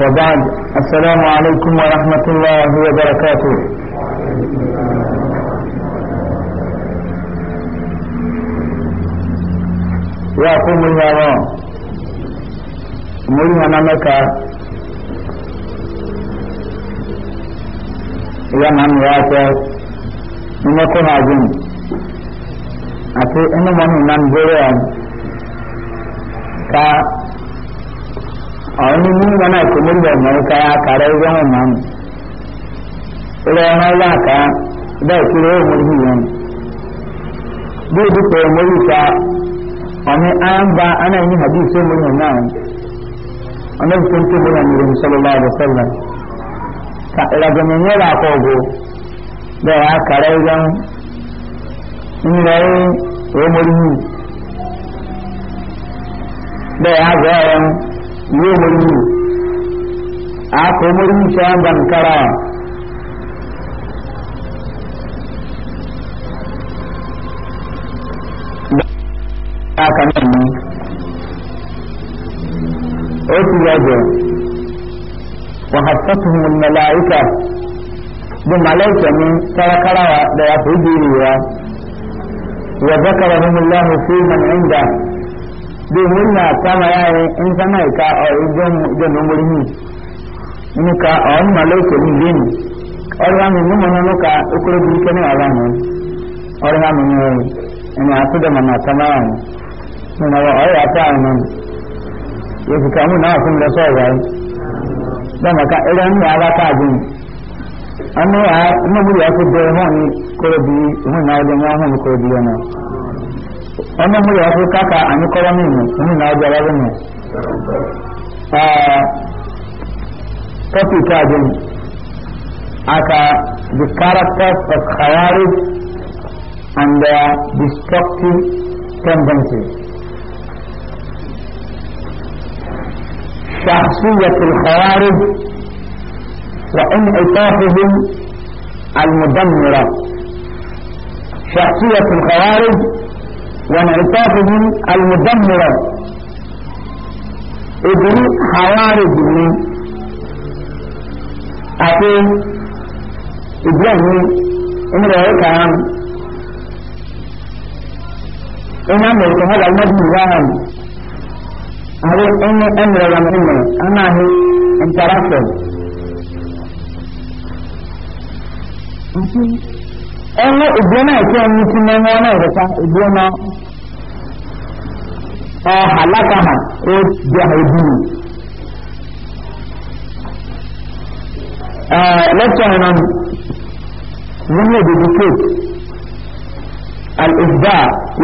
وبعد السلام عليكم ورحمة الله وبركاته يا يقوم الله مريم مكة yaman wata ina kuma jin a إنما ina manunan ka ọ̀ní nígbàna ìkùnlẹ̀ mọ̀ọ́ká àkàrà ẹgbẹ́ wọn mọ̀ ní ilẹ̀ ọmọ ilé àká bẹ́ẹ̀ kiri ó mọ̀ yìí yẹn bí o dúpọ̀ ọmọ yìí ká ọ̀ní àǹbá anáyìn ní hadith tó mọ̀ yẹn náà ọ̀ní tó ń tó mọ̀ yẹn nìyẹn sọlọ́lá ọ̀dọ̀ sọlọ́ ka ìlàgbọ̀n yẹn yẹn làkọ̀ ọ̀gọ̀ bẹ́ẹ̀ àkàrà ẹgbẹ́ wọn nílẹ̀ ọmọ yìí bẹ́ẹ̀ àgbẹ̀ ọ̀rọ̀ ní omori akọ omori nṣe agba nkara aka nínú ó ti yàjọ wàhásátùhùn mọ̀láìkà bí màláìkà ní kárakára da ya fi jiri wa wa zakarahumullahu fi man inda domin na kama yare in sama ka a idan nomori ni ni ka a wani malaika ni leni ọrọ ha mi ni mo nanu ka okoro bi kene ala ni ọrọ ha mi ni o ni atu da mama kama ya ni ni na wa ọrọ ya ta ni ye fi ka mu na fun da so wa da maka ira ni ala ka bi amma ya mu ya ko de ho ni koro bi ọmọ mu yẹ fún kaka àníkọ́wọ́ mi mu òun náà ọjọ́ ọlọ́wọ́ mi. tọ́pì káàdì aka the characters of khawarij and their destructive tendencies. شخصية الخوارج وانعطافهم المدمرة شخصية الخوارج وانعطافهم المدمرة ادري حوارج من اتي ابراهيم امرأة كلام انا ملك هذا المدن الراهن هذه ان امرأة مهمة اما هي انتراكتد ɛnna ebien na ɛkyɛ ɛmu ti na ɛmu na ɛresa ebien na ɔhalaka ha ɛdi ha ebi mu ɛɛ lɛtɔn no wɔn yɛ dedicate al ifda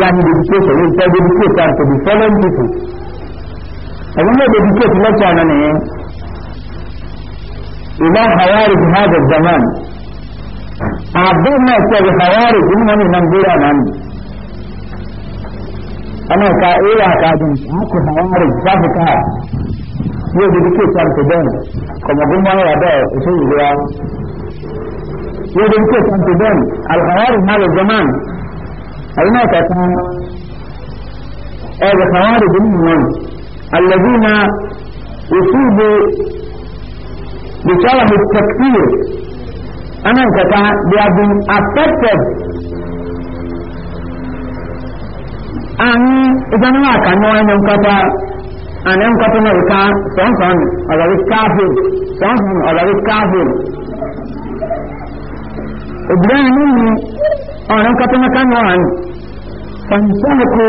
yanni dedication yɛ sɛ dedicate am to the following people ɛwɔn yɛ dedicate lɛtɔn no ne yɛ ila hayari hada zaman. abinna ce da hawari din wani nan gura nan ana ka iya ka din ku hawari ta fuka yau da kike san ku dan kuma gun wani da su gura yau da kike san ku dan al hawari mal zaman aina ka san eh da hawari din nan alladina yusibu بسبب التكفير anan kata they have been affected I ani idan wa kan wa nan kata anan kata na ka son son ala wis kafir son son ala wis kafir idan ni anan kata na kan wa an fansaku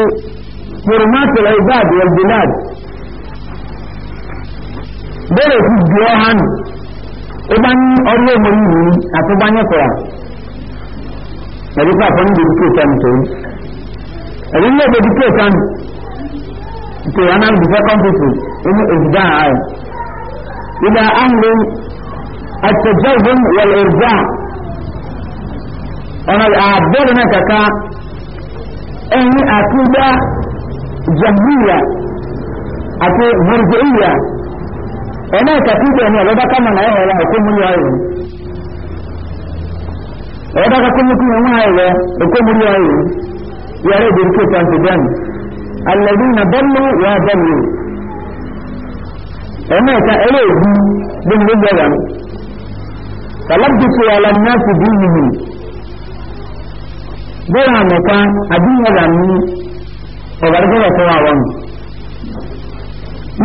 hurmat al ibad wal bilad dole su biyo hannu ịgba ọrụ omori yi atụgbanye kwara ẹ̀rí pàtó ń dojú kéèké àmì tòun ẹ̀rí ń lè dojú kéèké àmì tòun àná ń dùfẹ́ kọ́mpútù inú ìdá àárẹ̀ ìdá àmì àtẹ̀jọ́ ìdún wọlé ọ̀nà àbẹ̀rẹ̀ náà kàkà ẹ̀yìn àtúgbà jàmbíyà àti bùrùkù ọ̀nà ìkàtíjẹ̀ ni ọ̀lọ́dá kama náà ẹ̀rọ ẹ̀kọ́ mú yọ ẹ̀rọ ọ̀lọ́dá kọ́kọ́ mú kí wọ́n ẹ̀rọ ẹ̀kọ́ mú yọ ẹ̀rọ yàrá ìdèrú kí ètò àǹtẹ̀dẹ́n alẹ́bí na bọ́lú yà bọ́lú ọ̀nà ìka ẹ̀rọ ègbú bí mo gbẹ wà kàlábìtì alamínáàtì bí yìí bóyá àmọ̀ká àdúgbò wà ní ọ̀gá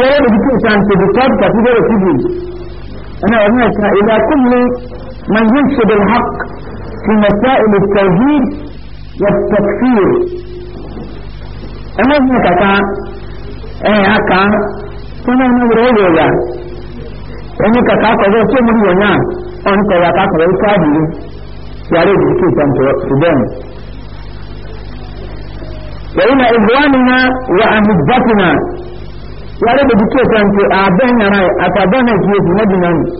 يرى بكل شان تبصر كثيرة تجي أنا أقول إلى كل من ينشد الحق في مسائل التوحيد والتكفير أنا أقول لك أنا هكا كما نقول له أنا كاكا أنا شو مريونا أنا كاكا كذا أنا يرى بكل شان تبصر وإن إخواننا وأمدتنا yare da duke kanke a bayan rai a tabana ke na dinani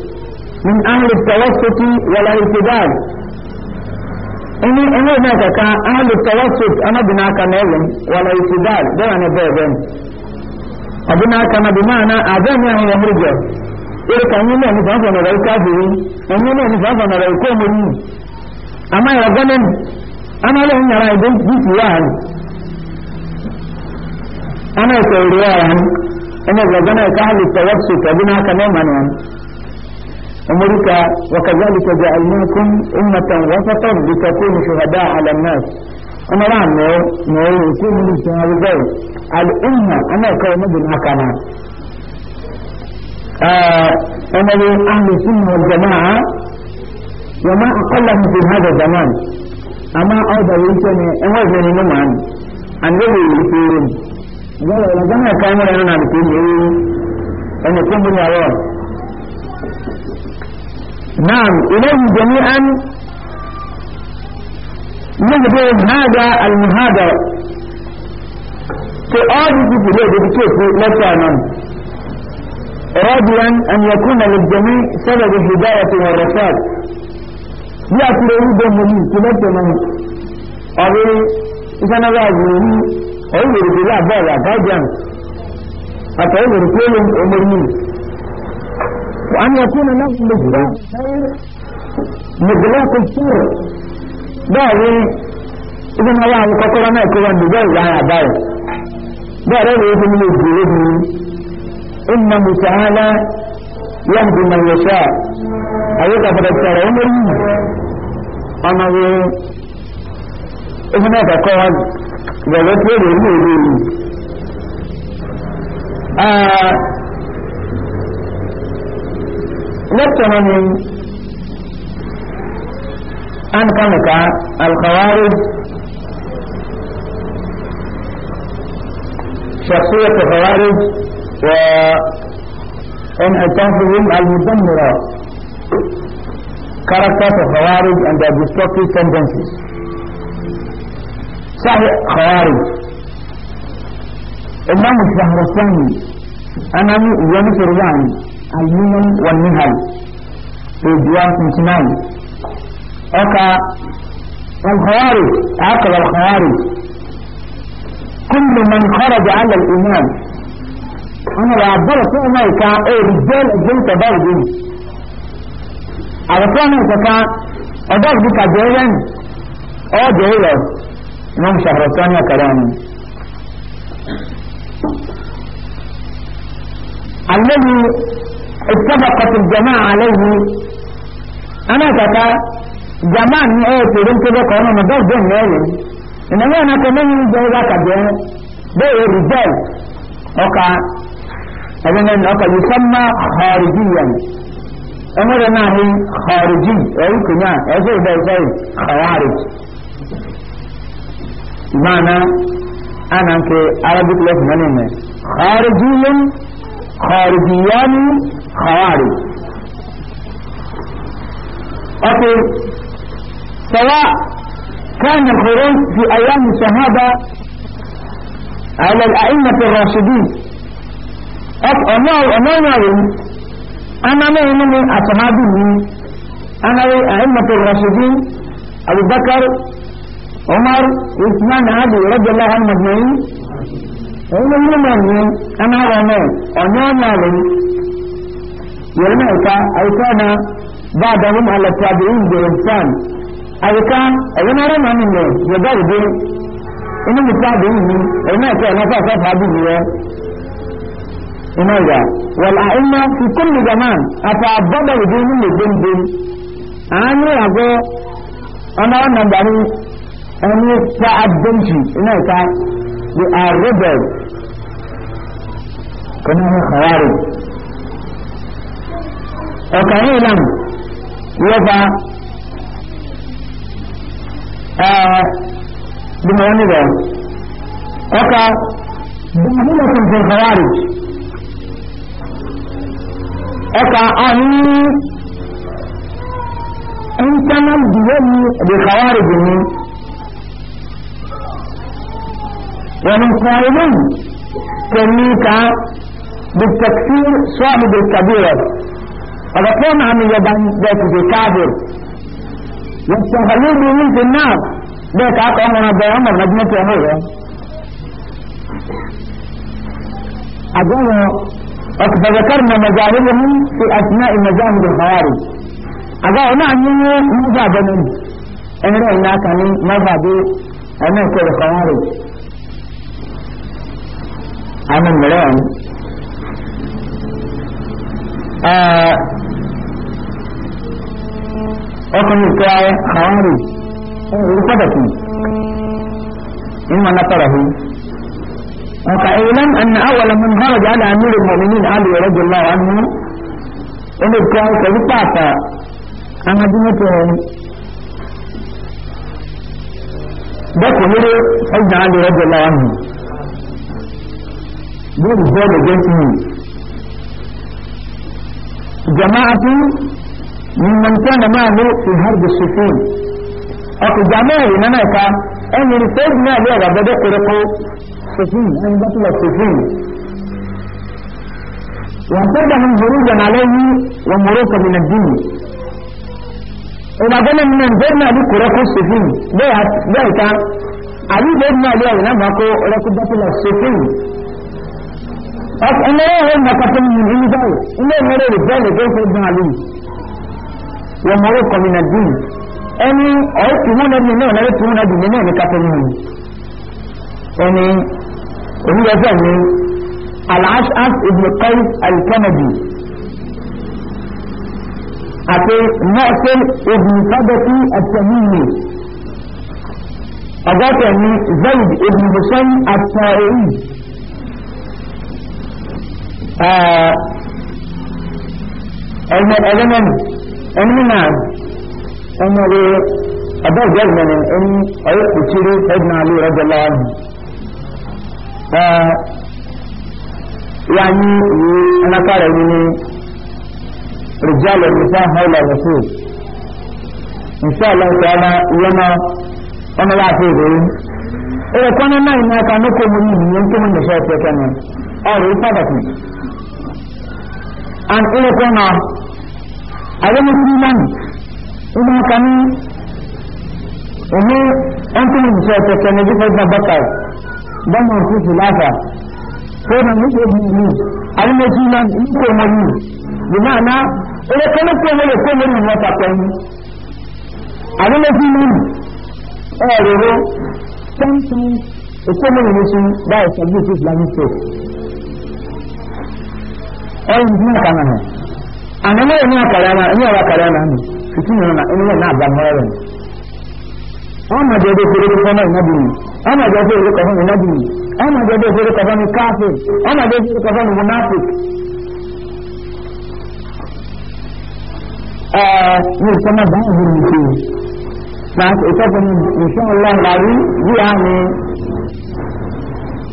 min ahli tawassuti wal ihtidal ini ini na ka ka ahli tawassut ana bina ka ne yin wal ihtidal da ana bayan abuna ka na bimana a bayan ya murje ir kan yi ne ni fa fa na rai kafiri in yi ne ni fa fa na rai ko mun amma ya ganin ana le yin rai dukiya ana ko ina zagana ya kahalu tawassu ka bin haka ne man yan umurka wa kazalika ja'alnakum ummatan wasatan litakunu shuhada 'ala an-nas kuma ra ne ne ku mun ta rubai al-umma ana kai mabin haka na eh ana ne ahli sunna wal jama'a wa ma aqallahu fi hadha zaman amma au da yake ne in wajen ne man annabi yake yau da zama ya kayan wani yana da ke yi wani kumbin yawa na'am ilaihi jami'an yadda hada al-muhadara to all these people they dedicate to lecture man راجيا أن يكون للجميع سبب الهداية والرشاد يأكل يريد من كلمة من أبي إذا نبغى ẹ̀yìn gbèrègbè yà bọ́ọ̀lù àgájàm àtẹ̀yìn gbèrègbè yẹn ọmọ yìí wà á ní ọkùnrin náà láti lè gbèrè nìgbèrè kò sọ̀rọ̀ bẹ́ẹ̀ ni ibi náà wà ní kọ́kọ́rọ́ náà kó wọn dùn bẹ́ẹ̀ yà á báyìí bẹ́ẹ̀ rẹ̀ wọ́n fún mi lè gbèrè mi ìmọ̀ mùsàlá yẹn bí mà yẹ sọ́ọ̀ àyíká fọ̀dọ̀ sọ̀rọ̀ ọmọ ọmọ yìí ibi náà kọ́kọ́ wọn. gbọ̀gbọ́ tí ó lè ní èdè ìlú lẹ́tọ̀ọ́ ni an kanuka alkawari شخصية الخوارج وانحطافهم المدمرة characters of خوارج and their destructive tendencies صحيح خوارج إمام الشهر الثاني أنا يونس رجعي المنن والنهل في ديار سنتنان أكا الخوارج عقل الخوارج كل من خرج على الإمام أنا بعبر سؤالي كا إيه رجال جنت برضي على كان كا أدرك بك جيلا أو جيلا يوم شهر الثانية كلامي الذي اتفقت الجماعة عليه أنا كتا جماعة نعيت لهم كده كونا مدار دون نعيهم إنما أنا كمان يجي ذاك جاء بيه الرجال أوكا أذن أوكا يسمى خارجيا أمر ناهي خارجي أي كنا أجل بيه خوارج بمعنى أنا أنك Arabic لك من خارجي خارجيان خوارج أقول سواء كان الخروج في أيام الشهادة على الأئمة الراشدين أقول أمام أنا مؤمن أصحابي أنا أئمة الراشدين أبو بكر عمر عثمان علي رضي الله عنهم اجمعين ẹ̀yin ní mọ̀nyí anáwọ̀ náà ọ̀nà ọ̀nà rẹ̀ yẹ̀rọ náà ká àyíká náà bá àdánwó máa lọ tàbí ìlú ìgbèrè fún àyíká ẹ̀yin náà rẹ̀ máa ń lọ yọ̀dá ìdí inú mi tàbí ìlú ẹ̀yin náà ká ẹ̀yin náà fàfà fàbí ìlú rẹ̀ iná ìyá wọ̀là iná fi kún mi gàmá àti àbọ̀dọ̀ ìdí inú mi gbẹ̀ngbẹ̀ àánú àgọ́ ọ̀nà ọ̀nà gbàrú any ta'addanci ina ta they are rebel kana ne khawari o kare nan yafa eh dum wani da aka dum kun fi khawari aka ani internal diyan bi khawari ne ومن قائلين كميكا بالتكفير صاحب الكبيرة كان عم يبان ذات الكافر يستخلوا به في النار ذات عقا عمر عبد عمر نجمة عمر أجل فذكرنا مجاهدهم في أثناء مجاهد الخوارج أجل معنى مذاهبهم إن رأينا كان مذهبي أنا كل خوارج عمل ملائم أكن آه، بتاع خوارج وفدتي إما نطره وكأيلم أن أول من خرج على أمير المؤمنين علي رضي الله عنه إن بتاع كذبات أنا دمتهم دكو نرى سيدنا علي رضي الله عنه This is God against me. جماعة ممن كان معه في هرب السفن أكو جماعة هناك أن يرتدنا لغة بدأ يرقو سفين أن بطل السفين وانتبهم هروجا عليه ومروكا من الدين إذا قلنا من انزلنا لك رقو السفين ليه كان علي بدنا ليه نمكو رقو بطل السفين ọmọ ẹ̀rọ mọ̀kàtà ní ìlú báyìí ilé ìmọ̀rẹ́ rẹ̀ bẹ́ẹ̀lẹ̀ tó fẹ́ gan àlè wọ́n mọ̀rẹ́ kọ̀mínà dín ẹni ọ̀ọ́tì wọn lẹ́nu náà lẹ́rẹ́ tí wọ́n lẹ́nu ní náà ní kàtà ní ìlú ẹni oníyẹ̀fẹ́ ni alhashas ibn qais alkanadi àti nọ́ọ̀sìn ibn sábẹ́tì ọgọ́tẹ̀ ni zayd ibn hussein ẹgbẹ́ ẹgbẹ́ mẹ́nu ẹni náà ọmọ rẹ abẹ́ ìjọ ìgbẹ́ni ẹni ọyọ kùtìrì ẹ̀dùn àlè rẹ̀ lọ́wọ́nù yàní ìwé ẹnakàrà ẹni ní rìjálẹ̀ nìfà hàìlà wọ̀fù nìfà ọlọ́ọ̀tọ̀ ọmọ ìyọ́mọ ọmọ láàfin ìròyìn ẹ̀rọ kọ́nà náà ìnáka ní kò mú ní ìyẹn tó mú nìfà ọ̀tọ̀ kẹ́nu ọ̀rọ̀ ìpàdàkùn an ile kona ale musliman ina kani ome antum bisa tekene di fadna bakar dan marfu filafa kona musu ibnu ale musliman ini ko mali bi mana ile kana ko mali ko mali ne ta kan ale musliman eh rero sometimes ko mali musu da sabu islamic faith ẹ̀yìn tí náà kàmà náà àná ní ẹ̀yìn àkàrà náà ẹ̀yìn ọ̀rọ̀ àkàrà náà nù fìtí nìyẹn náà ẹ̀yìn náà àgbà mọ́ ẹ̀rọ wọn máa jẹ́ ọdún ìfowópamọ́ fún náà ìnábì mi wọn máa jẹ́ ọdún ìfowópamọ́ fún ìnábì mi wọn máa jẹ́ ọdún ìfowópamọ́ fún káfíìn wọn máa jẹ́ ọdún ìfowópamọ́ fún monafik. ẹ̀ẹ́ ní ìsọmọ báyìí ní ìṣe náà ìtọ́jú ní ìṣọ́ ọlọ́run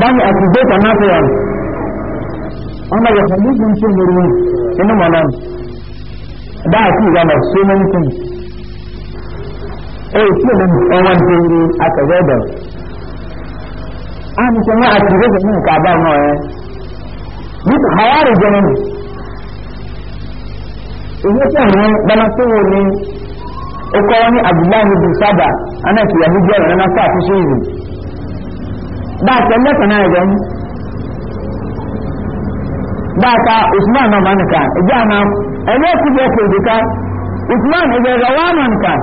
bani akubeta nafe yan ona ya hadithi nchini mwilini ina mwanani daa si gana so many things eh sio mimi owan tiri akaweda ani sema akireza mimi kaaba no eh mtu hayari jamani ihe sio mimi bana sio ni uko ni abdullah bin sada ana kiyahudi na nasa hivi dace lata na idan daca usman na manka jana ene ku je ku dika usman ida ga waman ka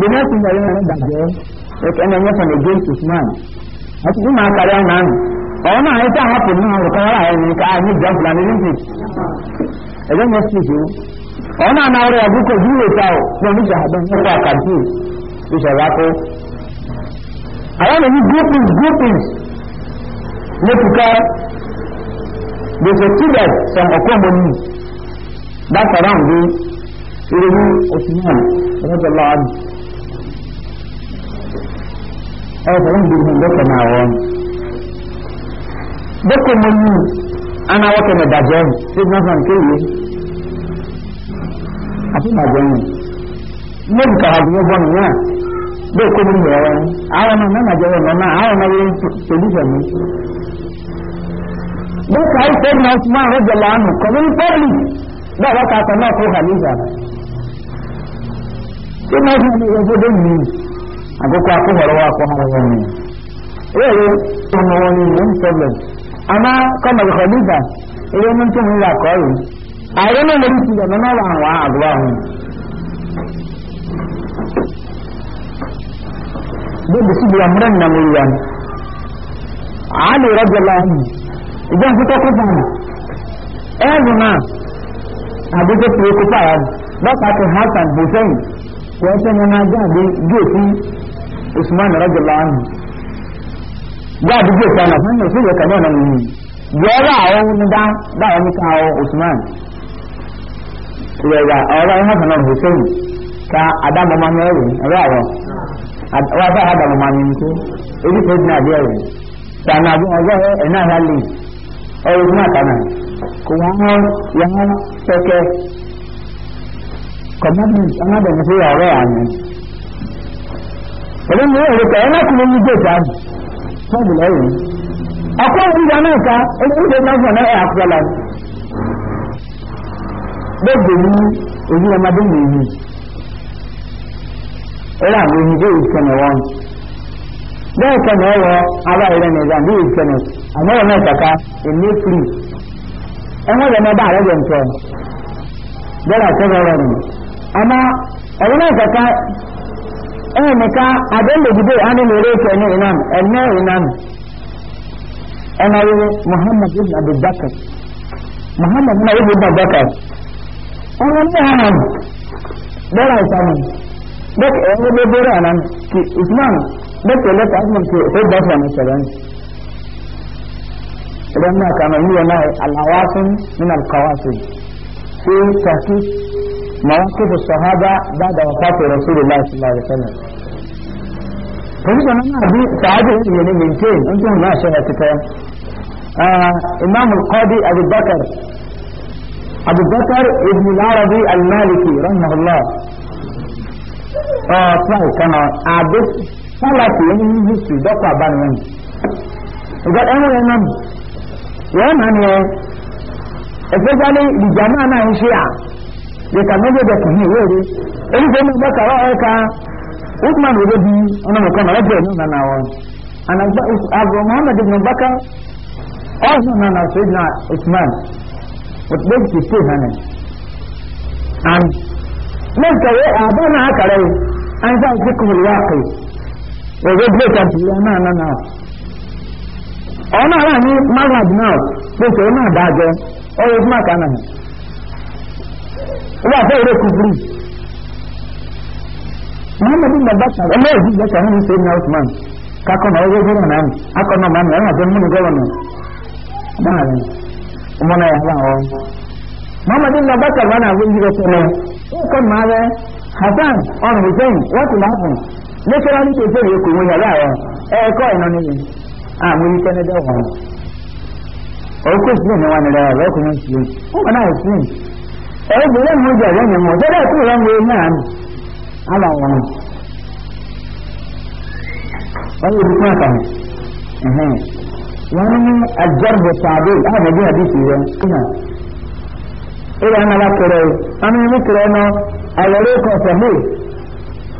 dina ku ne ran da je e kana ne fa ne je usman a ci ma ka ran nan ona ai ta hapu na ko ra ai ni ka ni jam plan ni ni idan ne ci ju ona na ore abu ko ju e ta o ko ni ja ban ko ka ju isa ra ko àwọn èyí groupings matuka da ke tudar san akwamani ba ka ran bi irin osman radallahu anhu aw ta ran bi mun da kana won da kuma ni ana wata da dajon sai na san kai ne a fi dajon ne ne ka hadu ya bon ya da kuma ni ya wani ara na na dajon na ara na yin solution ne baka yi sai na Usman radiyallahu anhu kamar fadli da wata sana ko halifa sai na shi ne yanzu don ne a ga kwa kuma rawa ko hawa ne yayi kuma wani yan problem amma kamar halifa idan mun tun ya koyi a yana da rufi da mana ba wa abuwa hu duk da su biya muran na muryan Ali ìjọ ìfúnpẹ́ kó fún mi ẹ̀rù náà àgbẹ̀jẹ̀ tó kó fà yàrá lọ́pàá tó hasan bò sẹ́yìn wọ́n tẹ́ mo máa jáde géètì usman rajala anu jáde géètì àná fún mi sílẹ̀ kàn náà nìyí yọ̀ọ́rọ̀ àwọn ní dá báwọn ní ká ọ usman ìrẹ̀wà ọ̀rọ̀ ẹ̀ hasan náà bò sẹ́yìn ká adámọ̀ máa ń ẹ̀rọ àwọ̀ wọ́n fẹ́ adámọ̀ máa ń rẹ̀ nítorí ebi tó dín àbí ẹ̀rẹ̀ tànàbí ọjọ́ ẹ̀ náà yá lè ọ̀rọ̀ fún àtàmà kò wọ́n wọ́n yẹn wọ́n kẹ́kẹ́ commitment ọmọdéni fún ọ̀rẹ́ àná pẹ̀lú mi ò rí pẹ̀ ẹ́ lọ́kùnrin ní gbèsè àná fún ìlẹ́yìn ọkọ̀ òwúrọ̀ náà ká ojúṣe náà fún ẹ̀ àkọlà gbogbo ní ojú ọmọdé nìyí ó rà mí ní ìkànnì wọn bẹ́ẹ̀ kan ní ọwọ́ aláìrẹ́ ní ìgbà bíi ìkẹnẹ àmọ́ náà kàkà èmi firi ẹ̀wọ́n rẹ̀ mọ́ba àrẹ́ rẹ̀ nǹkan bẹ́ẹ̀ àtẹ́rẹ́ rẹ̀ nì àmọ́ ẹ̀wọ́n náà kàkà ẹ̀yìn nìka adélèdìdè ánìlérè kẹ́ni ìnáàmù ẹ̀nẹ́ ìnáàmù ẹ̀nà wíwí muhammad ibn abubakar muhammad náà ibn abubakar ẹ̀wọ́n náà hàn bẹ́ẹ̀ àìsàn bẹ́ẹ̀ ẹ̀wọ́n bẹ́ẹ̀ bẹ́ẹ̀ àná kì bẹ́ẹ̀ tẹ̀lé ta ẹ̀mọ̀ ṣe ó bá fún ọmọ ṣẹlẹ̀ ní. ẹ̀rọ náà kàmá yíyọ náà àlàwà fún nínú àlùkàwà sí i ṣé kàkí màá kéde sọ̀hábà bá dà wọ́pá tẹ̀rẹ̀ sí ìlú láti láti sẹ́lẹ̀. pẹ̀lúkọ̀ náà bí sàájú ìyẹn ní maintain ń tún náà ṣe ẹ̀kẹ́kẹ́. imam al-qadi abubakar abubakar ibn al-arabi al-maliki rahmahullah. ọ̀ salafi yin history dɔkɔ abani wani nga ɛmu yɛ nam yɛ nani yɛ especially the jama na yi shi a ka mɛjɛ bɛ kun yi wɛri ebi fɛn mi bɛ kara ka usman wo bɛ di ɔna mɛ kɔnɔ ɛdi muhammad ibn baka na so na usman but and mɛ ka abu na akara yi an ẹgbẹ́ bíléèkì àti ìyá náà náà náà ọ̀hún náà wà ní mazad náà pèsè ọ̀hún náà dájọ́ ọ̀hún fún àkà náà na wà fẹ́ kúkúrú muhammadu nabata ọmọ èyí jẹ́ka ọ̀hún ṣe ní na ọwọ́ gbọ́dọ̀ náà akọ náà máa na rìn múnú gọ́ọ̀nà náà rẹ̀ ọmọ náà yà fún àwọn muhammadu nabata wọn àwọn èyí rẹ̀ sọ̀rọ̀ ó kọ́ lékèrè ní kí n fèrè kò wọ́n yàrá rẹ̀ ẹ̀ẹ́kọ́ ìná nínú àmú ní kẹ́nẹ́dẹ́ wọn ọkọ̀ ìsìlẹ̀ ní wọn ni rẹ̀ lọ́kùnrin sí i wọn náà sí i ẹ̀ẹ́ bẹ̀rẹ̀ mú ìjà rẹ̀ ni wọn tẹ́lẹ̀ kú rẹ̀ mú náà nù àmà wọn. wọ́n yóò dúpọ̀ àkàmù wọ́n ní àjọyọ̀ tàbí àmọ̀dé àdìsí rẹ̀ kúnà ìlànà alákẹ̀rẹ̀ ọ̀nà ìlú kẹrẹ̀ náà àlọ́rẹ́ kọ̀ọ̀tà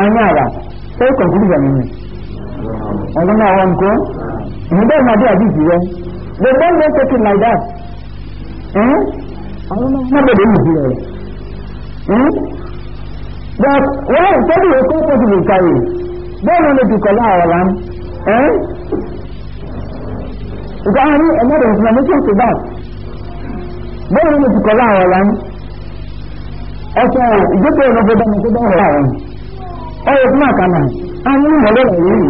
anyara sai conclusion ne ọdún náà wọn kó ìdá ìmọ̀dé àdìsí rẹ they don't make it like that àwọn náà bẹ̀rẹ̀ ìdí rẹ but wọ́n ìtọ́jú rẹ kó kóso lè kárì bẹ́ẹ̀ ni ó lè fi kọ́ láàrọ̀ wa ìgbà wọn ní ẹ̀mọ́dé information to that bẹ́ẹ̀ ni ó lè fi kọ́ láàrọ̀ wa ẹ̀sìn ìjókòó ìrọ̀gbọ́dọ́ ni ó gbọ́dọ̀ rẹ̀ àwọn ọ̀rọ̀ fún àkàlà àwọn ìmọ̀lẹ́ rẹ̀ yìí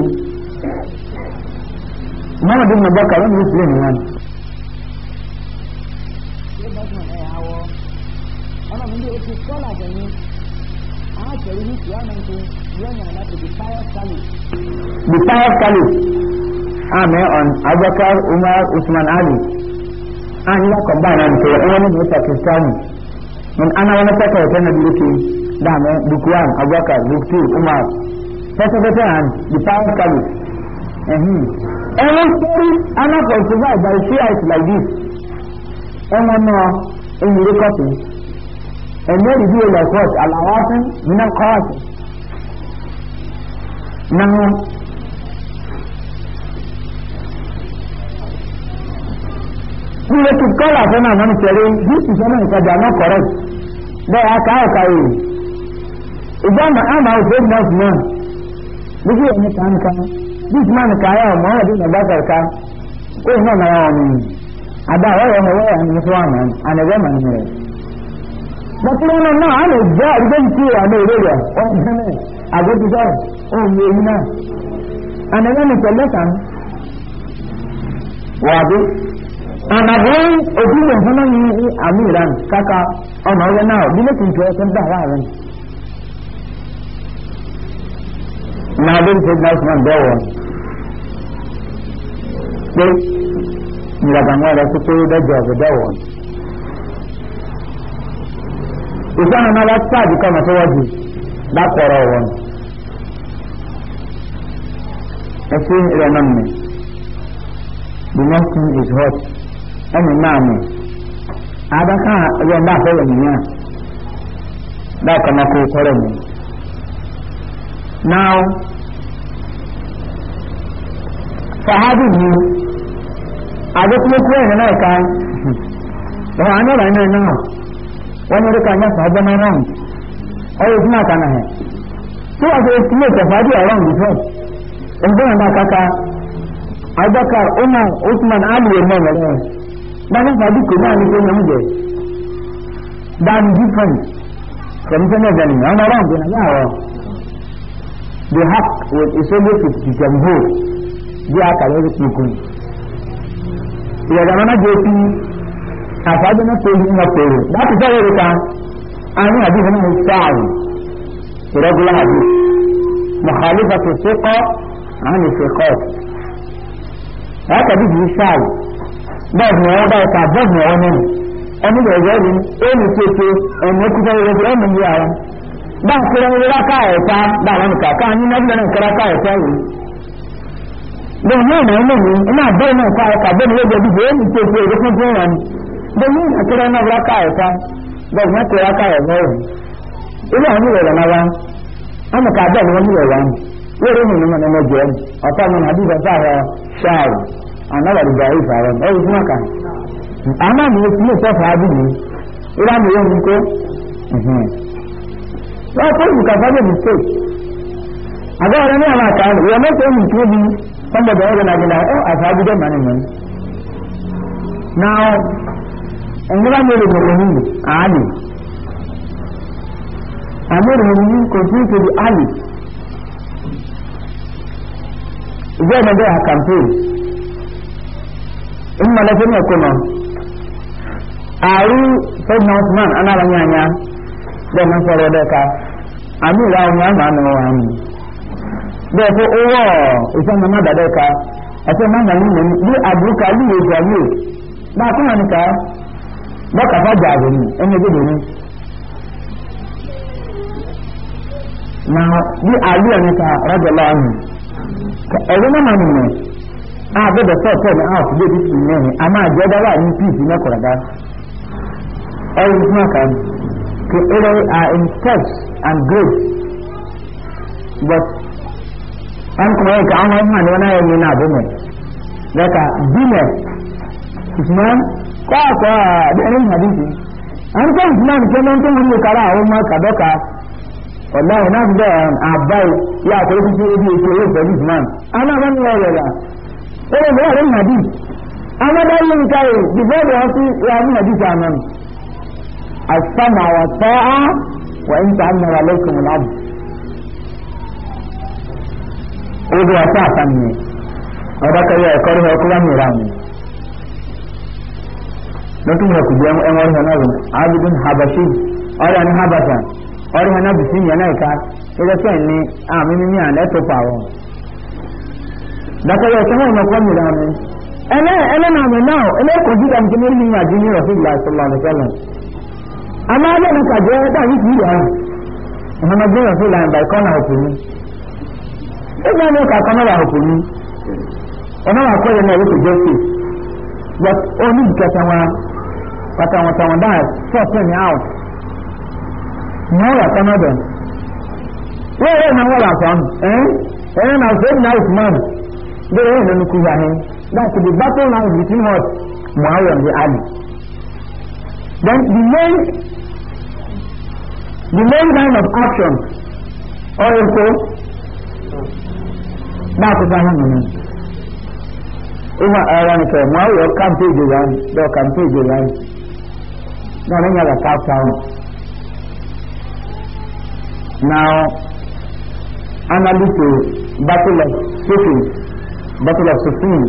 mọ́nàdé mọ̀ bọ́kà lọ́nà ìpínlẹ̀ nìyàn. The five caliphs Amẹ on Abubakar Umar Usman Ali and you are combined and so anyone is a Christian and another person is a Christian dame Bukwan, Abubakar, Bukti, Umar. Pẹ́tẹ́pẹ́tẹ́ and the pound cabbage. Ẹ̀rọ sọ́rí anáfọ̀ survive by Shiite like this. Ẹ̀wọ̀n náà ẹ̀yìn ilé kọ́pì. Ẹ̀mí ẹ̀rí bí ilẹ̀ court àlàwọ́sán nínú court. Náà Kúlẹ̀ tó kọ́lá fún àwọn ọmọ nìkẹ́rẹ́ yìí ìṣẹ́ náà nìkan jà náà correct. Bẹ́ẹ̀ a ìgbàmà àmà òfin náà fún náà lójú ẹni kan kan bí ìtumá nìkan ayé ọmọ ọ̀rọ̀ dín nàgbà kàrkà ó iná nàrà wọn nìyí àdá ọ̀rọ̀ ọmọ ọwọ́ ẹni fún àmà ànàgbẹ́ mà nìyẹn. bàtúrọ̀ náà náà á lè jẹ́ àdúgbò tí ìwà náà èrè rẹ̀ wọ́n ti sẹ́nẹ̀ àgbẹ̀dúgbò òun ní èyí náà ànàgbẹ́ mi pẹ̀lú ẹ̀sán. wàdí ànàgbẹ́ òkú ìgbẹ̀fọ́n náà ní àmì ìran káka ọmọ ọ̀rẹ́ náà bí lè kìí náà ló ń ṣe náà sùn bẹ́ẹ̀ wọ̀ pé ìlàgbàmọ́ rẹ̀ tó kéré dẹ́jọ́ ọ̀gbẹ́ bẹ́ẹ̀ wọ̀ ìsáhùn náà láti sáàdì kan mọ̀ síwájú lápọ̀rọ̀ wọn ẹtí rẹ̀ náà mi the next is hot ẹni náà mi adaka ẹgbẹ́ náà fẹ́ wọ̀nyí náà dákọ̀ náà kó kọ́rọ̀ mi now sahabi ni abu kuma kuma yana ka da wani ba ina nan wani rika na sahabi na nan ayo kuma ka na he to a sai kuma ta fadi a ran gifo in ba na kaka abakar umar usman ali ne ne ne na nan fadi ko na ni ko na muje dan different from the nation ana ran gina yawo the haq with isolate with bí a kàlẹ́ rí kúkún. ìyàgbọ́n náà jẹ́ sí àfáàjọ náà tó yí wọn pèrè láti sọ̀rọ̀ rẹ̀ kan àwọn àdìsí náà sáàrù ìrọ́gùlá àdì mọ̀kàlífà tó ṣekọ́ àwọn ìṣekọ́ látàbí kì í sáàrù bọ́ọ̀sì ni wọ́n báyìí ká bọ́ọ̀sì ni wọ́n nínú ẹni bẹ̀rẹ̀ bẹ́ẹ̀ ni ẹni tètè ẹni ẹkúta ìrẹsì ẹni yíra wọn báńkì rẹ̀ ń rẹ́ká ẹ̀ta báwọn nìkan káà ní náà bẹ́ẹ̀ náà náà ilé mi iná bẹ́ẹ̀ náà kọ́ ọkà bẹ́ẹ̀ ni ó jẹ́ bíbí èyí tó fi èrè fún fún ìrìn bẹ́ẹ̀ ní ìrìnàkẹ́rẹ́ náà rákà ẹ̀ta bẹ́ẹ̀ náà kẹ́rẹ́ rákà ẹ̀ mẹ́rin ilé àwọn ìrẹ̀lẹ̀ náà wá ọmọ kà bẹ́ẹ̀ ni wọ́n nílẹ̀ wá lórí mi ni mo jẹ́ ọ̀tá mi nàbí bàbá rẹ̀ ṣáàrù ànáwàlú gàrí ìfàrẹ́ ẹ̀rí fún wanda da yaga na gina oh a sabu da manin nan now in ga ne da mu'min ali amir mu'min ko ji to bi ali zai na da campaign in malafin ne kuma ari sayyidina usman ana ranyanya da nan sare da ka amir ya ma ma no wani bẹ́ẹ̀ fún owó ìṣẹ́ ní ọmọ dàdẹ́ ka ẹ̀ṣẹ́ máa nà ní ìlú bí àbúrúkà lè yẹ ìgbà yìí bá a kún wọn nìka bọ́kà fàjà àbò ní ẹni ẹgbẹ́ ní. na bí àlú ẹ̀ nìka rọ́jò lọ́ọ̀hún ẹ̀rọ náà máa nìyẹn a gbọ́dọ̀ sọ̀tọ̀ ní àwọn òṣìṣẹ́ ti sùn mẹ́rin a máa jẹ́ dára ní píìsì mẹ́kọ̀ọ̀dá ẹ̀rọ fún ọ̀kà kí ẹ̀rọ are uh, in steps and grades but an kuma yake an haifi hannu wani e yanyi na abu mai daga dine usman kwa kwa da irin hadisi an kwa usman ke nan tun wuri kara a wani maka doka wallahi na da abai ya kai su ce ibi ke yin sabi usman ana ban ya yaya irin da irin hadisi ana da yin kai bifo da wasu yamin hadisi a nan asama wa sa'a wa in ta'amma alaikum al-abd ojú ọ̀sán àtàmì ọ̀dọ́kẹ́rẹ́ ẹ̀kọ́ rí ọkọ́ wá mìíràn ni lọ́tún rẹ̀ kù jẹ́ ẹwọ́n rí ọ̀nà rẹ̀ abidun habashi ọ̀rẹ́ ní habasha ọ̀rẹ́ ọ̀nà bìsí yẹn náà ká ẹgbẹ́ sẹ́yìn ní àmì mímí àná ẹ̀tọ́ pàwọ́ dọ́kẹ́rẹ́ ẹ̀kọ́ wọn ọkọ́ mìíràn ni ẹnẹ́ ẹnẹ́ náà mi náà ẹnẹ́ kò jí dàm kí ní ìlú àjí ní rọ̀fí ìlà sọ̀lá ọ̀lẹ́sẹ̀lẹ̀ àmọ́ ẹlẹ́nu kàjẹ́ dáhìí kìí yà á ẹ̀họ́n ọgbẹ́ rọ̀fí ìlà ìbàkọ́nà ọ̀pọ̀ mi ẹgbẹ́ ní ọkà kan náà àhùkù ní ọ̀nà àkọ́yẹ náà yóò jẹ́ but ó ní ìkẹta wọn pàtàkì wọn tàwọn dáa sọ́ọ̀tún ní out ní ọ̀rọ̀ kan náà dẹ̀ wọ́n rẹ̀ náà wọ́n rà fún ẹ̀ ẹ̀ náà fún náà usman bẹ́ẹ̀ rẹ̀ nínú kúrò ahẹ́ that's the battle line between what muhammad and the ali then the main the main line of action ọ̀rẹ́ kó náà kó sáyé nìyẹn ìmọ̀ ẹ̀rọ nìkẹ́ mọ̀ ọ́ yọ kàmpéjì láyé yọ kàmpéjì láyé náà ní yàrá ká sáwọn. Now, analyse battle of Sufin, battle of Sufin.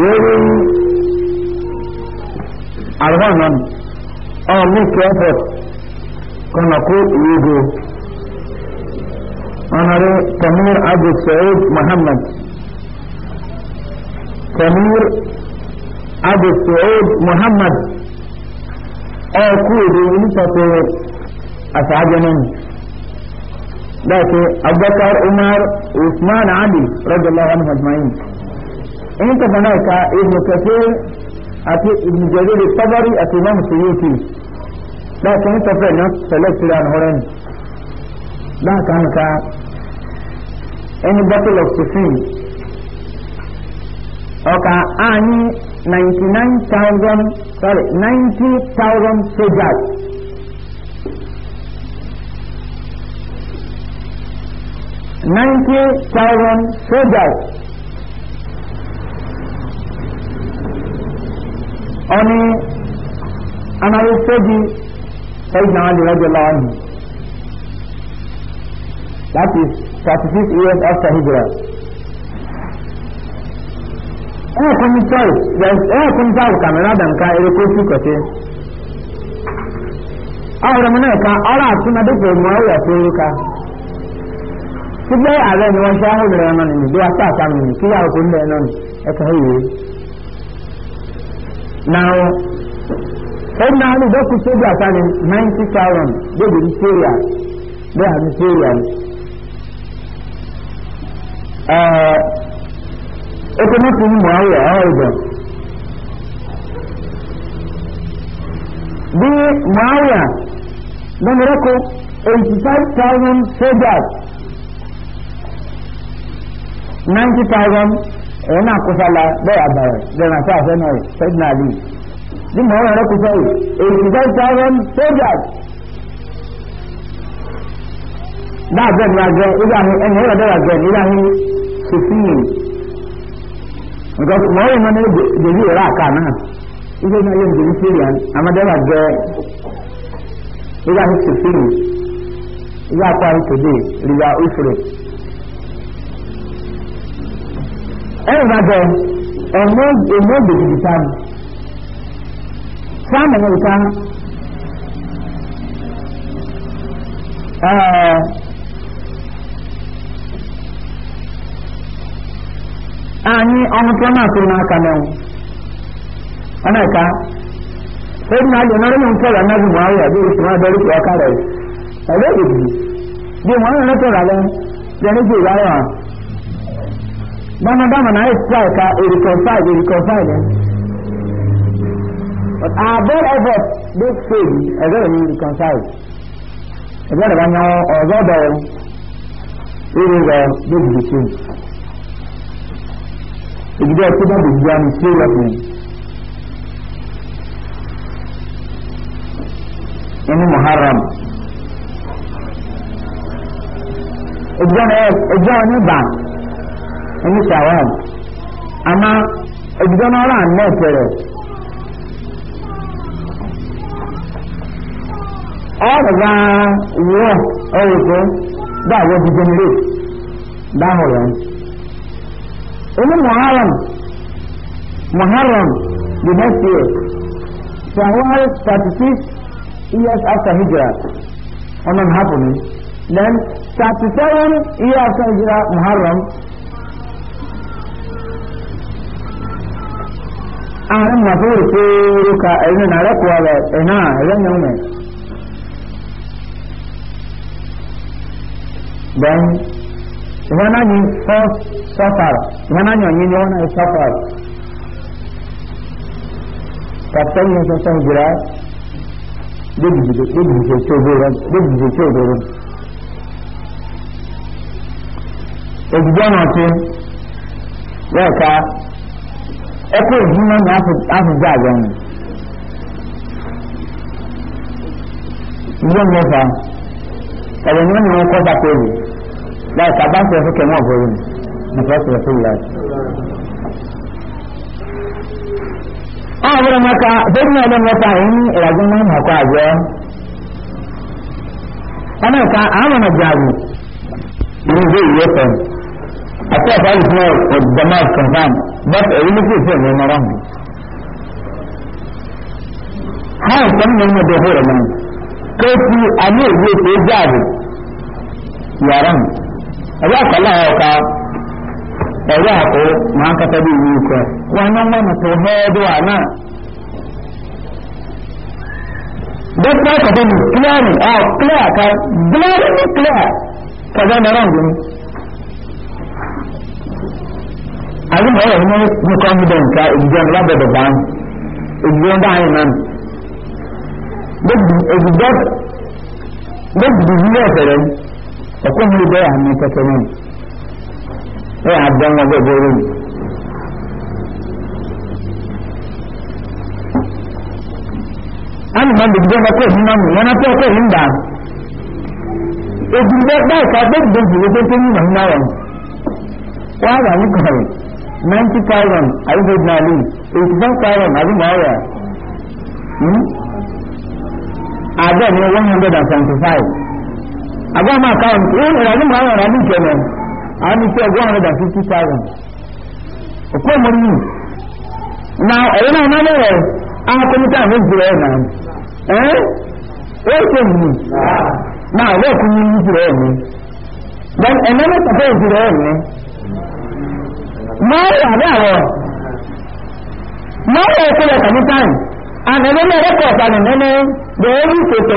Wéèrè àwọn ọ̀nà ọ̀ ní kí ẹ̀fọ̀ kọ̀nà kó ìwé go. Honorable Kamir Abu Said Muhammad. Kamir Abu Said Muhammad. Ọkú èdè oníṣàtò àṣàjẹmọ́n. Láti Abubakar Umar Usman Ali Rajallahu Anhu Ajmain. Ẹni tọ́ka náà ka Ibn Kafir àti Ibn Jarir Tabari àti Imam Suyuti. Láti ẹni tọ́ka náà select ran horen. Láti ẹni tọ́ka any bottle of perfume ọkà anyị 99,000 sorry thousand, soldiers ninety thousand soldiers ọni anáwó sójì ẹ̀yìn náà lè rẹ́jọ lọ́wọ́ yìí that is 36 years after Hijrah. Ẹ̀yà kún choice, ẹ̀yà kún choice kàmẹ́rà dànká erékó sí kọ̀tí. Ọ̀rọ̀ mi náà ká ọ̀rọ̀ àtúmọ̀dépò mọ́ ọ̀rọ̀ tó ń ká. Sígbẹ́ ààrẹ ni wọ́n ṣe áhùnrẹ̀ ẹ̀nà nìyí bí wọ́n sáà sáà nìyí kíyà òkú ń bẹ̀ ẹ̀nà ẹ̀ka ìwé. Now, ẹ̀nà àlùdókù tó bí àtàlẹ̀ 90,000 débi ní Syria, bẹ́ẹ̀ àmì Syria ni ẹ̀kọ́ ní fún mọ̀ ayé àwọn ìbọn bí mọ̀ ayé lọ́mọdékọ́ 85,000 soldiers 90,000 ẹ̀yẹ́ náà kọsàlá bẹ́ẹ̀ àbàrẹ̀ lẹ́nà sí àfẹ́nà rẹ̀ sẹ́gbìnà àlè bí mọ̀ ayé lọ́kọ́ sẹ́yìn 85,000 soldiers dáàbẹ̀ ní àjẹ́ ìgbà ẹni ẹ̀rọ dára jẹ́ ìgbà ẹni 15 because wọ́n yìí mọ́ ní jèjì ìrà àká náà ilé náà yóò jèjì síríà amadéwà jẹ́ ìgbà 15 ìgbà àpárí today river ufre ẹ̀rù bá jẹ ẹ̀mọ́ jèjì ìta sáàmù ẹ̀mọ́ ìta ẹ̀ẹ́ anyị ọnụtụ na-asụ n'aka n'enwu ọnaka sai na da narin mun fara na zuwa ya da shi ma da rike ya kare a da ibi bi mun na fara da da ne ji ya ya dama dama na yi tsaya ka irikofai irikofai ne but our best effort this thing a ga ni irikofai a ga da ban yawo ozo da irin da duk bikin ìgbẹ́ tó bá gbogbo àmì tí ó lọ́pọ̀ inú muharram ìjọ oníbà inú shawam àmá ìjọ náà rà náà tẹ̀rẹ̀ ọ̀rọ̀gbà ìwọ̀ ọ̀rọ̀gbà dáwọ́ jíjẹ́ nílé dáhùn rẹ̀ إذا محرم di بنفس فهو 36 years after Hijrah ومن happening then 37 years after Hijrah محرم أنا ما فوق فوق أنا نعرف ولا أنا yang يومه then when I first safara wana nyonyi ni wana safara kapten ne so san jira dubi dubi dubi ke to gora dubi ke to gora e gbo na ti ya ka e ko jina na afu afu ja ga ni yo mefa ka yo ni mo ko ta ko ni la ka ba because Rasulullah. Àwọn ọmọka bẹ́ẹ̀ni ọdún mẹ́ta yìí ìràgún máa ń mọ̀ kọ́ àjọ. Ọmọ ìka àwọn ọmọ jàrù ní ìwé ìwé fẹ̀. Àti ọ̀pá ìfúnná ọ̀dọ́mọ̀ kọ̀ǹfàm bọ́t èyí ní kí ìfẹ́ ìwọ̀n mọ́ra mi. Háà sọ́nù ní ọmọdé hóòrò mọ́. Kéèkì àmì ìwé ìfẹ́ jàrù yàrá mi. Ẹ̀rọ àkọ́lá ọ̀ka ẹ̀rọ àpò máa ń kata bí ìwé ikọ̀ wọn náà wọn tó ana, àná. dókítà kọ̀tọ́ ní clear ní à clear ká blọ́ọ̀rì ní clear kọjá ní ọ̀rọ̀ ìgbìmọ̀. àdúgbò ọ̀rọ̀ ní ní confident ká ìdíjọ́ ní lábẹ́dọ̀ bá ń ìdíjọ́ bá ń nà. gbogbo ìdíjọ́ gbogbo ìdíjọ́ ọ̀fẹ́rẹ́ ọ̀kọ́ mi bẹ́ẹ̀ àmì kẹkẹrẹ́ yìí ẹ àdánwò gbẹgbẹ rẹ mi. alùpàdé gbé ọkọ èyí náà mú wọn apẹ ọkọ èyí ń dà èdùnbẹ báyìí ká gbé ìdè ìdè tó tó ní ìmọ̀ nínú àwọn wọn àwọn àwọn kọrin ninety thousand àyùbọ̀ ìdìnnàlì eighty five thousand ni one hundred and seventy five àbọ̀ àmọ́ àkáwọn ìwé ìrànlọ́mọ àwọn ọ̀rẹ́ àbí and he said 150,000. Okwe mo ni. Now, ẹ̀rọ náà máa lọ rẹ̀ àwọn kọ́mítà mi jùlọ ẹ̀ náà. Ẹ́ ó ṣe mú. Náà ọ̀rọ̀ kún ní jùlọ ẹ̀ mi. Then ẹ̀mọ́ ní pàtó jùlọ A mi. Máa wà a àwọ̀. Máa wà ìpínlẹ̀ kọ́mítà mi. And ẹ̀mọ́ ní ẹ̀rọ kọ̀ọ̀tà ní nẹ́nẹ́ bẹ̀rẹ̀ ní ìṣètò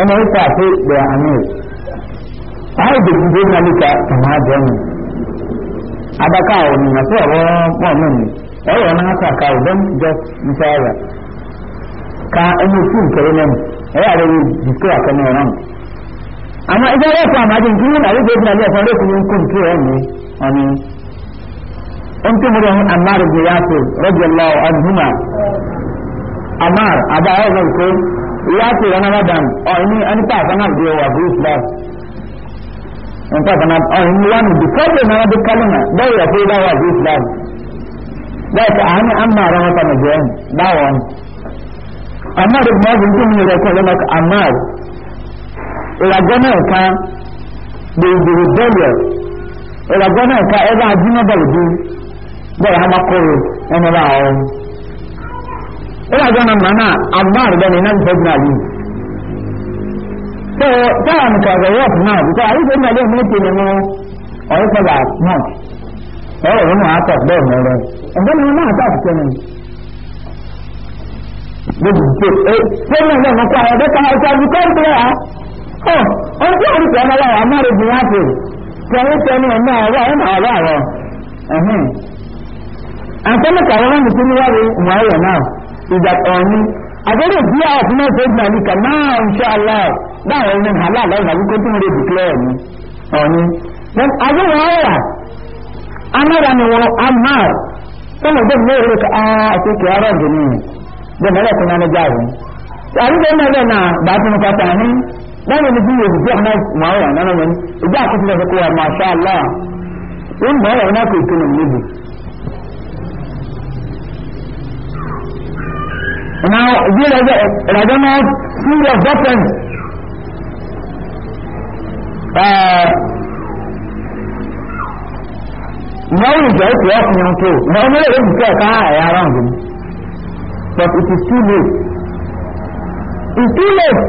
ɛna ɛsɛ ase bɛ ano ayɛ de kudo na nika kama adɛ mu adaka a wɔn nyina so a wɔn wɔn mɛ mu ɛyɛ wɔn asa ka o dɛm just nsaara ka ɛna ofu nkɛrɛ na mu ɛyɛ a wɔn disco akɛnɛ wɔn ano ama ɛsɛ ɛyɛ fɔ nkiri na ɛyɛ de na ɛyɛ fɔ ɛyɛ kunu nko nkiri wɔn mu ɔne ɛnti mu de ho amar bi yaso rɔbi allah anhuma láti ìrànà madam ọ̀ní ẹnipá àfánáàbí ọwà gúúsùláà ẹnipá àfánáàbí ọ̀ní wánì bíkọ́bẹ̀ náà bí kálínà bẹ́ẹ̀ yẹ fún ìdáwà gúúsùláà bẹ́ẹ̀ ká àánú àmà àrùn ọ̀tà nìjẹ́ ẹ̀ báwọn. àmà rẹ̀ mọ́ ọ̀gbìn tí mi rẹ̀ kọ́ lọ́nà àmà rẹ̀ ìràgọ́ náà ká gbèrègbèrè bẹ́ẹ̀lẹ̀ ìràgọ́ náà ká ẹ ina zama mana ammar da ne nan sayyidina ali so ta am ka ga yau na ta ai sai na le mu ti ne mu oi ka la no eh mu ha ta da mu ne an ga mu na ta ta ne ne ji ce eh sai na na ka ya da ka ta ji ko ta ya oh an ji ri ka na la ammar bi ya ce ka ne ta ne na wa na wa wa eh eh an ta ka wa mu ti ni wa ri mu ai na ìjà ọ̀hún àgbẹ̀rẹ̀ bí a fún ẹ̀fọ́ ìgbà ní kàmá ìṣẹ́ aláà láwọn ẹni hàlá àlọ́gbà wípé tí wọ́n lè dìklẹ́ ẹ̀mí ọ̀hún wọn àgbẹ̀rẹ̀ ọ̀rà amára ni wọn amá tó lè dẹ́gbẹ́ ìwé ká àti kí ọ̀rọ̀ dùn ní gbẹ̀mẹ̀rẹ̀ kún náà níjà rẹ̀ àrùbẹ̀ náà bẹ̀ náà bá tún pátá ní lẹ́yìn ní bí yóò dùn ọ̀nà mọ̀ọ́rọ̀ náà wọn ìjà náà Now, these are the Ragamat serious weapons. Uh, now is the work now too. Normally, it's the car around him. But it is too late. It's too late.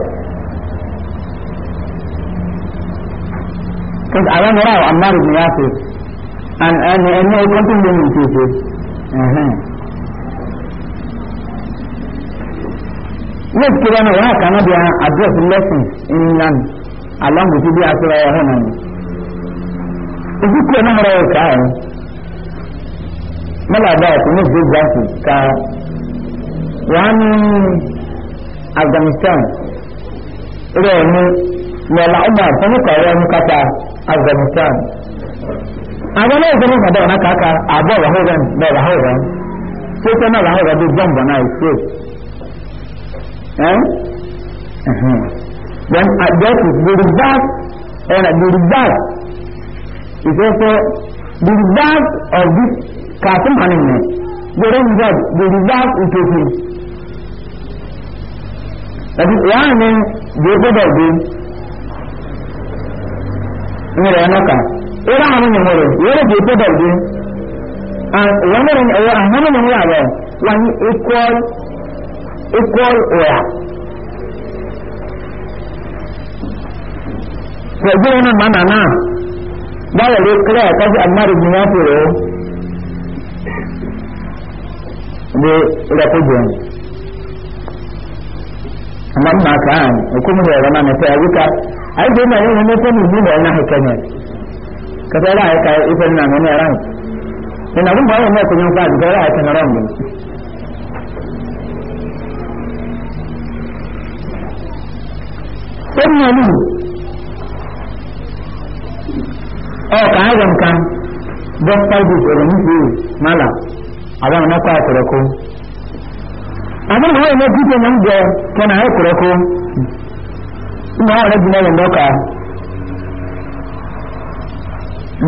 Because I don't know, I'm not in the office. And, and, and no, something will be too late. Uh-huh. Yes, kira na wani kana da address lesson in nan Allah mutu biya su rayar hana ne. Ibi kuwa na rayar ka yi. Mala da su ne zai za su ka wani Afghanistan. Ire ni Mola Umar ta muka yi wani kata Afghanistan. A wani zama ka da wani kaka a bawa hauren da wani hauren. Sai ta na wani hauren duk zamba na yi Eh? Uh-huh. Then uh, that is the result, and uh, eh, the result is also the result of this custom management. The result, the result is to him. yang is why I mean, they ini to the Mira, Anoka. Era a mí me muere. Yo era que yo perdí. Ah, yo me muero. Ah, no me equal equal where pẹ̀lú ọ̀nà mọ́nà náà báwo ló kílẹ̀ ẹ̀kọ́ sí amárùn ní wọ́n fi rò ó lè rẹ̀kọ́jọ ní àmọ́ mọ́ àkà án òkú mi rẹ̀ náà nìfẹ́ àwíká àìsí ìmọ̀ ẹ̀yìn ní fẹ́ mi ní ìmọ̀ ẹ̀yìn àìkẹ́ yẹn kẹfẹ́ rà ẹ̀ka ìfẹ́ nínú àmì ní ẹ̀rọ yìí ìnáwó mọ́ ẹ̀yìn náà kò ní àdìgbẹ́ rà ẹ̀kẹ́ nìrọ̀ mi. wannan ne ọ ka a zanka don ɗauki tsoro nufi mala a zama na kwa na wani kuke nan ga kana ya na ina wani jina da doka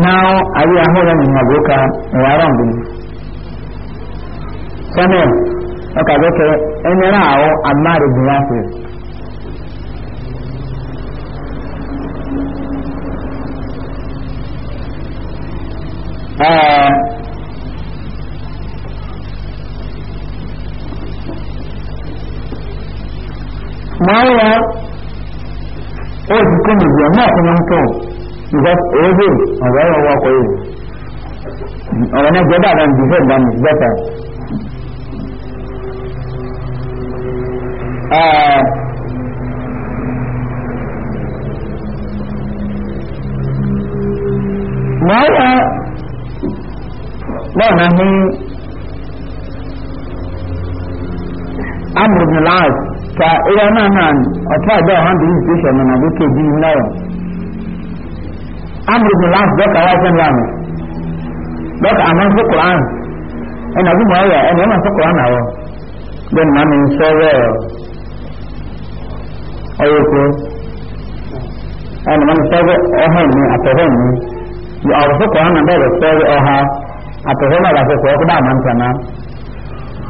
na abu ya mmadụ min magoka yaran bin samuel ọ ka ẹni ra enyere ahụ da dị mọ́ọ́yà ó ti kún ìgbà náà fún wọn tó ìgbà èébè ọ̀rọ̀ ẹ̀rọ wọ́pọ̀ yìí ọ̀rọ̀ náà jẹ́ dáadáa ní ìfẹ́ ìgbà mìíràn bẹ́tà. ìwà náà náà ni ọ̀tún àgbà ọ̀hán bí ìṣẹ̀ṣẹ̀ ọ̀nà àbí kejì ní náírà amúrùkù láti dọ́kà wá sí ńlá mi dọ́kà àmọ́ sí kùrán ẹnì àbí mọ̀ ọ́yà ẹnì ẹ̀mọ̀ sí kùrán náà wọ bẹ́ẹ̀ ni màmí sọ bẹ́ẹ̀ ọ̀yọ̀ kú ẹnì màmí sọ bẹ́ẹ̀ ọ̀hán mi àtẹ̀hẹ́ mi ọ̀rọ̀ sí kùrán náà bẹ́ẹ̀ sọ bẹ́ẹ̀ ọ̀há àtẹ̀hẹ́ náà láti kùrán kó dá àmọ́ ntẹ̀ náà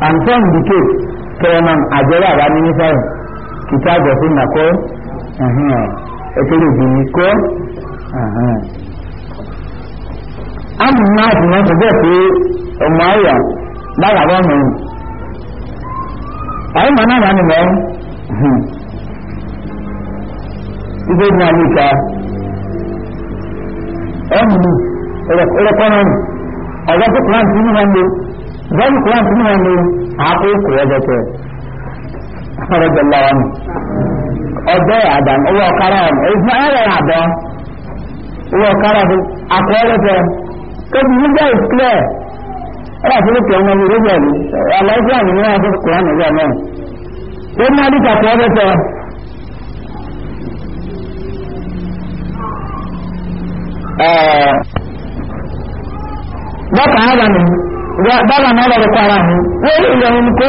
àǹtẹ̀ kẹrẹ́nà àjẹrẹ́ àbá ní nífẹ̀ẹ́ kitabu wa sunna ko ẹ̀tọ́rọ̀ ìgbìmí kó àmìmá àti wọ́n sọ bẹ́ẹ̀ pé ọmọ ayà bára wọ́n mọ̀ ayé mọ̀ náà wọ́n ni mọ̀ ibi ní àmìta ẹ̀mù ẹ̀rẹ̀kọ́nà ọ̀gá tó kùrántì nínú wọn lé ọ̀gá tó kùrántì nínú wọn lé àákó kùrẹ́dẹ̀tẹ̀ ọ̀rọ̀dọ̀ lọ́wọ́ ni ọjọ́ àdán owó ọ̀kára ọ̀nà ìfún ẹ̀rẹ̀ àdọ́ owó ọ̀kára fún àkọọ́lẹ̀ tẹ tóbi nígbà ìsílẹ̀ ẹ̀rọ àfúrúkẹ́ ọmọ mi rẹ́gbẹ̀ mi aláìsí àmì ní àfúrú kùrán nígbà náà ó ní adìsí àkọọ́lẹ̀ bọ́kà ára mi bọ́kà náà lọ́rọ̀ kọ́ ara mi wọ́n ìlú ẹ̀yìn kó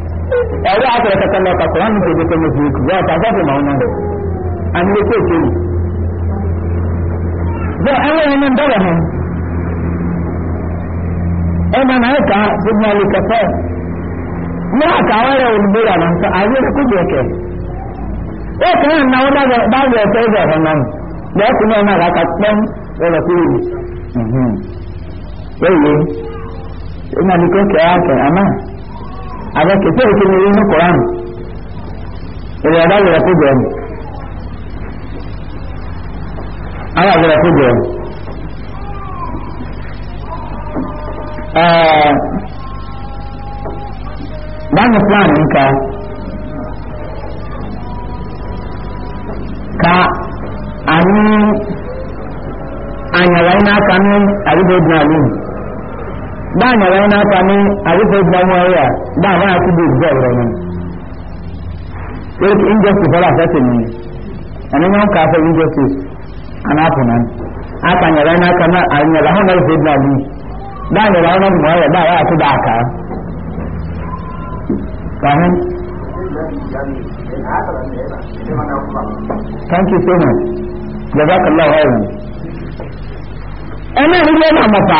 ẹ̀rọ àtẹ̀rẹ̀ kẹta lọ pàtó wọn ní tó mọ̀sí ikú wọn àtàwọn àti màwọn náà àmì lè kéèké yìí. bẹ́ẹ̀ àwọn ẹni ń bọ̀rọ̀ hàn ẹ̀ma náà ẹ̀ka gbogbo àlè kẹfẹ́ ní àtàwọn ẹ̀rọ olùgbéra náà sọ àyè kú bẹ̀kẹ̀. ó kàn án náà wọ́n bá àwọn kẹsẹ̀ ètò ìwé inú koran ìrìn àbá yẹra kó jẹun àwọn àgbẹ̀rẹ̀ kó jẹun báyìí plan nǹka ka àní àyàwó iná kanú àdúgbò ìdúnàlú dáàmà wọn náà pa ní àríkò ìgbàmọ́ ẹ̀yà dáàmà àti bí ìgbà ọ̀rọ̀ ni lórí injustice ọlá àfẹ́sẹ̀ ni ẹni wọn kà fẹ́ injustice anáàpù náà akànyẹ̀ wọn náà kan náà àyìnyẹ̀ làwọn náà fẹ́ gbà mí dáàmà wọn náà mọ̀ ẹ̀yà dáàmà àti dáà kà á. Rahim. Thank you so much. Jazakallah khairan. Ẹni ìrírí ẹ̀ náà mọ̀ pa.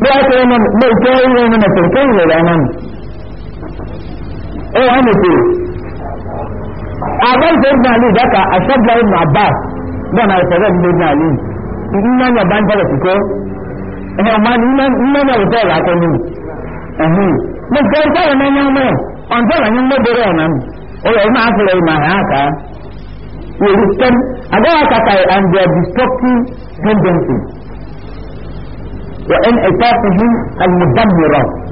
bóyá kó wọn lè jẹ́ ìwé wọn lè tẹ̀lé kéwìn lọ́wọ́ wọn. ó wà nìkú àbáyé ibn ali dáka àṣàbíà ibn abbas náà náà ìfọwọ́ ìdílé ibn ali nínú ní ọba ń tẹ̀lé kíkọ́ ẹ̀hìn ọ̀ma ni nínú ní ọ̀rọ̀ tẹ̀lé akọ nínú. mo kẹ́ ẹ sọ̀rọ̀ náà yẹn mọ́ ọ̀ntẹ́lẹ̀ ní mọ́bẹ̀rẹ̀ ọ̀nà mi ó yẹ ìmọ̀ àfẹ́lẹ̀ ìmọ̀ àyà ká wòlú kẹ́m àbẹ́wò kàkà and their destructive tendencies. وإن إطافهم المدمرة